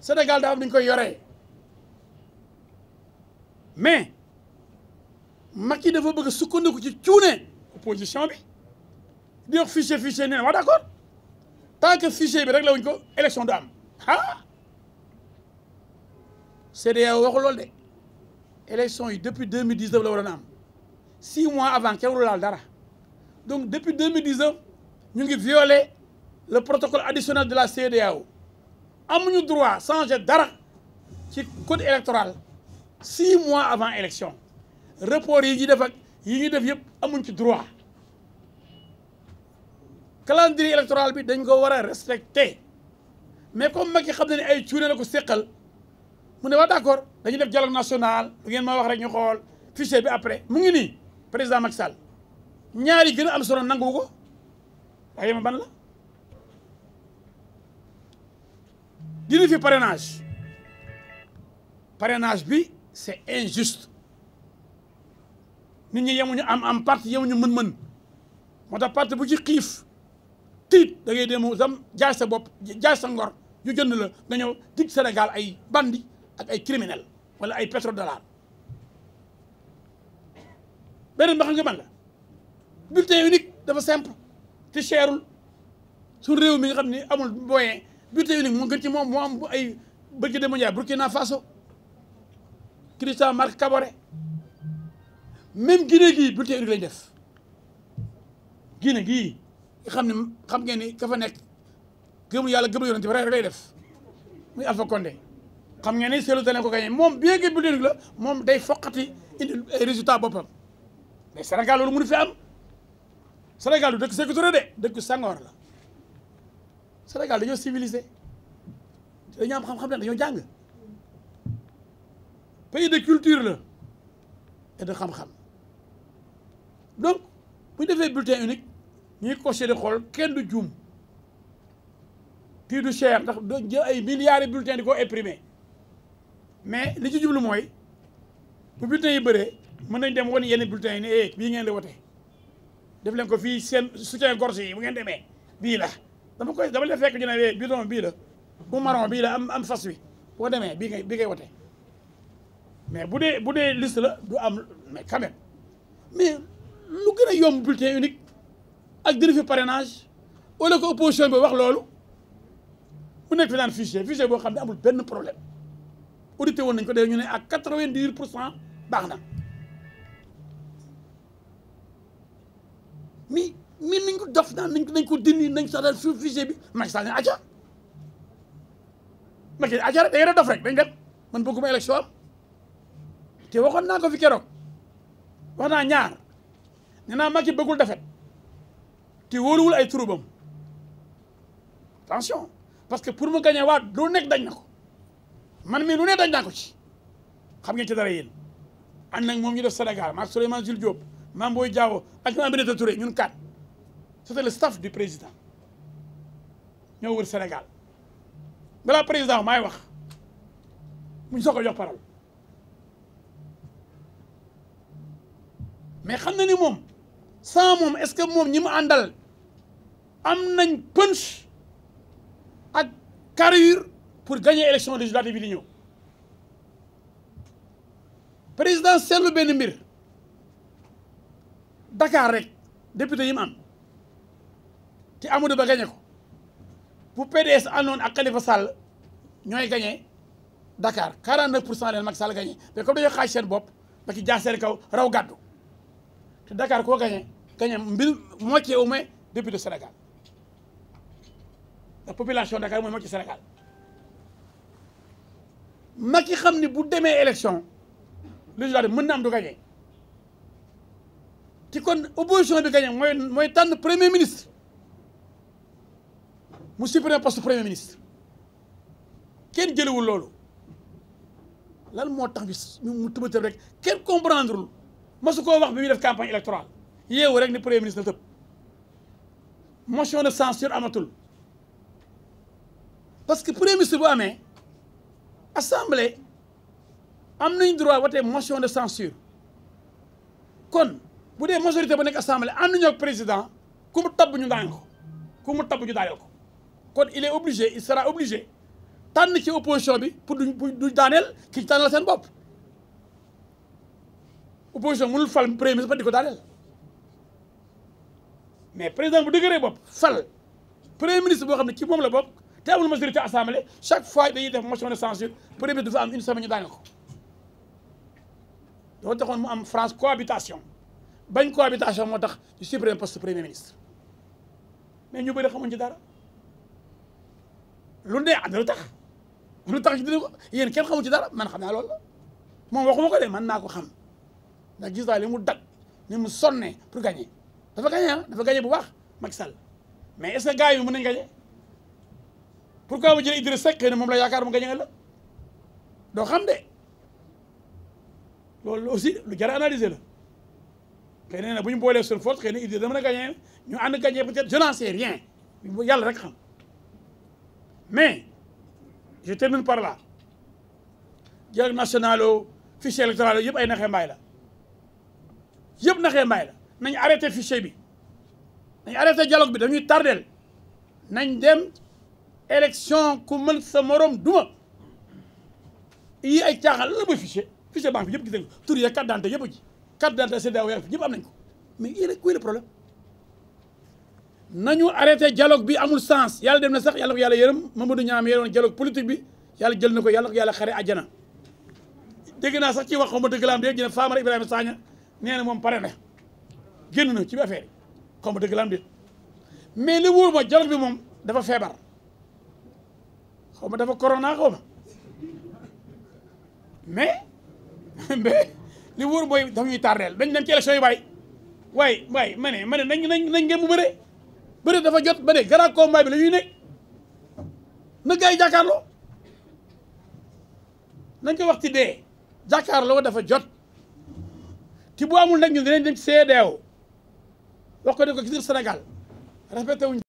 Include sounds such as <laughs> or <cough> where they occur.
Sénégal daa am ni ñu koy yoree mais Macky dafa bëgg a sukkandiku ci cuune opposition bi di wax fichier fichier nee na waa d'accord tant que fichier bi rek la wuñ ko élection du am ah CEDEAO waxu loolu de élection yi depuis deux mille dix-neuf la waroon am six mois avant kenn laal dara donc depuis deux mille dix-neuf ñu ngi violer le protocole additionnel de la CEDEAO amuñu droit changer dara ci code électoral six mois avant élection report yi ñu def ak yi ñu def yëpp amuñ ci droit calendrier électoral bi dañ ko war a respecter mais comme Macky xam na ne ay cuune la ko séqal mu ne waa d'accord dañuy def dialogue national bu ngeen ma wax rek ñu xool fichier bi après mu ngi ni président Macky Sall ñaar yi gën a solo nangu ko waaye ma dina fi parrainage parrainage bi c'est injuste nit ñi yemuñu am am parti yemuñu mën-mën moo tax parti bu ci kiif tiit da ngay dem sam jaay sa bopp jaay sa ngor yu jënd la nga ñëw dig Sénégal ay bandi ak ay criminel wala ay pétrodollar beneen ba xam nga man la bulletin unique dafa simple te cherul suñu réew mi nga xam ne amul moyen bulletin unique mu gën ci moom mu am ay bëccëg de mondial Burkina Faso Christian Marc Kaboré même Guinée gi bulletin unique lañ def Guinée gii xam ne xam ngeen ni ka fa nekk gëmul yàlla gëmul yonent bi rek lay def muy Alpha Condé xam ngeen ni seetlu te ne ko gagné moom bien que bulletin unique la moom day foqati indi ay résultats boppam mais Sénégal loolu mënu fi am Sénégal du dëkk Sékou Touré de dëkk Senghor la Sénégal dañoo civilisé dañoo am xam-xam ne dañoo jàng pays de culture la et de xam-xam donc bu ñu defee bulletin unique ñuy coché di xool kenn du juum tii du chair ndax do jël ay milliards yi bulletin di ko imprimer mais li ci jublu mooy bu bulletin yi bëree mën nañ dem wan yenn bulletin yi ne eh bii ngeen di wote def leen ko fii seen soutien gorge yi bu ngeen demee bii la dama koy dama la fekk ñu ne eh, bidon bii la bu marron bii la am am sas wi boo demee bii ngay bii ngay wote mais bu dee bu dee liste la du am mais quand même lu gën a yomb bulletin unique ak dérivé parrainage wala ko opposition bi wax loolu bu nekk fi naan fichier fichier boo xam ne amul benn problème audité woon nañu ko dee ñu ne ak quatre-vingt-dix pour cent baax na mi lu dof naan nañ ko nañ ko dindi nañ sax daal suuf fichier bi Macky Sall ne acca Macky acca rek da a dof rek dañ dem man bëgguma élection am te waxoon naa ko fi keroog wax naa ñaar ne naa Macky bëggul defet te wóoruwul ay turubam attention parce que pour mu gagné waat lu nekk dañ na ko man mii lu ne dañ naa ko ci xam ngeen ci dara yéen ànd nag moom ñu def Sénégal maak Souleymane Jules Diop Mame Boye Diao ak Aminata Touré ñun kat c'était le staff du président ñoo wër Sénégal balaa président maay wax muñ soo ko jox parole mais xam na ni moom sans moom est-ce que moom ñi mu àndal am nañ punch ak carrure pour gagner élection législative bi di ñëw président seetlu benn mbir Dakar rek député yi mu am te Amadou Ba gañe ko bu PDS àndoon ak Khalifa Sall ñooy gañe Dakar 49 pour cent leen Macky Sall gañe mais comme dañoo xaaj seen bopp ba ci jaax seen kaw raw gàddu te Dakar koo gañe gañe mbir moitié au moins député Sénégal la population Dakar mooy moitié Sénégal Macky xam ni bu demee élection législative mën na am du gañe ci kon opposition bi gañe mooy mooy tànn premier ministre mu supprimer poste premier ministre kenn jëliwul loolu lan moo tax bi mu tëb tëb rek kenn comprendre lu masu koo wax bi muy def campagne électorale yeewu rek ni premier ministre na tëb motion de censure amatul parce que premier ministre bu amee assemblée am nañ droit watee motion de censure kon bu dee majorité ba nekk assemblée ànd ñoo président ku mu tabb ñu daan ko ku mu tabb ñu daaneel ko kon il est obligé il sera obligé tànn ci opposition bi pour duñ duñ daaneel ki ñu tànnal seen bopp opposition mënul fal premier ministre ba di daaneel mais président bu dëgëree bopp fal premier ministre boo xam ne ci moom la bopp te amul majorité assemblée chaque fois dañuy def motion de censure premier ministre dafa am une semaine ñu daaneel ko doo taxoon mu am France cohabitation bañ cohabitation moo tax ñu supprimer poste premier ministre mais ñu bëri xamuñ ci dara lu ne am na lu tax lu tax dina ko kenn xamu ci dara man xam naa loolu la moom waxuma ko de man naa ko xam ndax gis naa li mu dag ni mu sonne pour gagner dafa gagner ah dafa gagner bu baax Macky Sall mais est-ce que gars yi mën nañ gagner pourquoi mu jëlee Idrissa Seck xëy na moom la yaakaar mu gagner la doo xam de loolu aussi lu jar a analyser la xëy na bu ñu boolee seen force xëy na Idrissa dama la gagner ñu ànd gagner peut-être je n'en sais rien yàlla rek xam. Mais, je termine par là. dialogue national fichier électoral yëpp ay naxee mbaay la yëpp naxee mbaay la nañ arrêté fichier bi nañ arrêté dialogue bi dañuy tardel nañ dem élection ku mën sa morom duma yi ay caaxaan la mooy fichier fichier banque bi yëpp gis nañ ko tur yeeg carte d'identité yëpp a ji carte d'identité CEDEAO ñëpp am nañ ko mais yéen a kuy le problème na nañu arrêté dialogue bi amul sens yàlla dem na sax yàlla ko yàlla yërëm Mamadou Niame yoroon dialogue politique bi yàlla jël na ko yàlla ko yàlla a àjjana dégg naa sax ci wax xawma dëgg la am déet ñu ne Famara Ibrahima moom pare na génn na ci affaire yi xawma dëgg mais li wóor ma dialogue bi moom dafa feebar xaw ma dafa corona xaw ma mais <laughs> mais li wóor mooy dafa ñuy tardeel dañ dem ci élection yu bari waaye waaye ma ne ma ne nañ na nañ ngeen mu bëree bëri dafa jot ba ne grand combat bi la ñuy nekk na gars yi jàkkaarloo nañ ko wax ci dee jàkkaarloo dafa jot ci bu amul nag ñun dinañ dem ci CEDEAO wax ko ne ko gis Sénégal respecté wuñ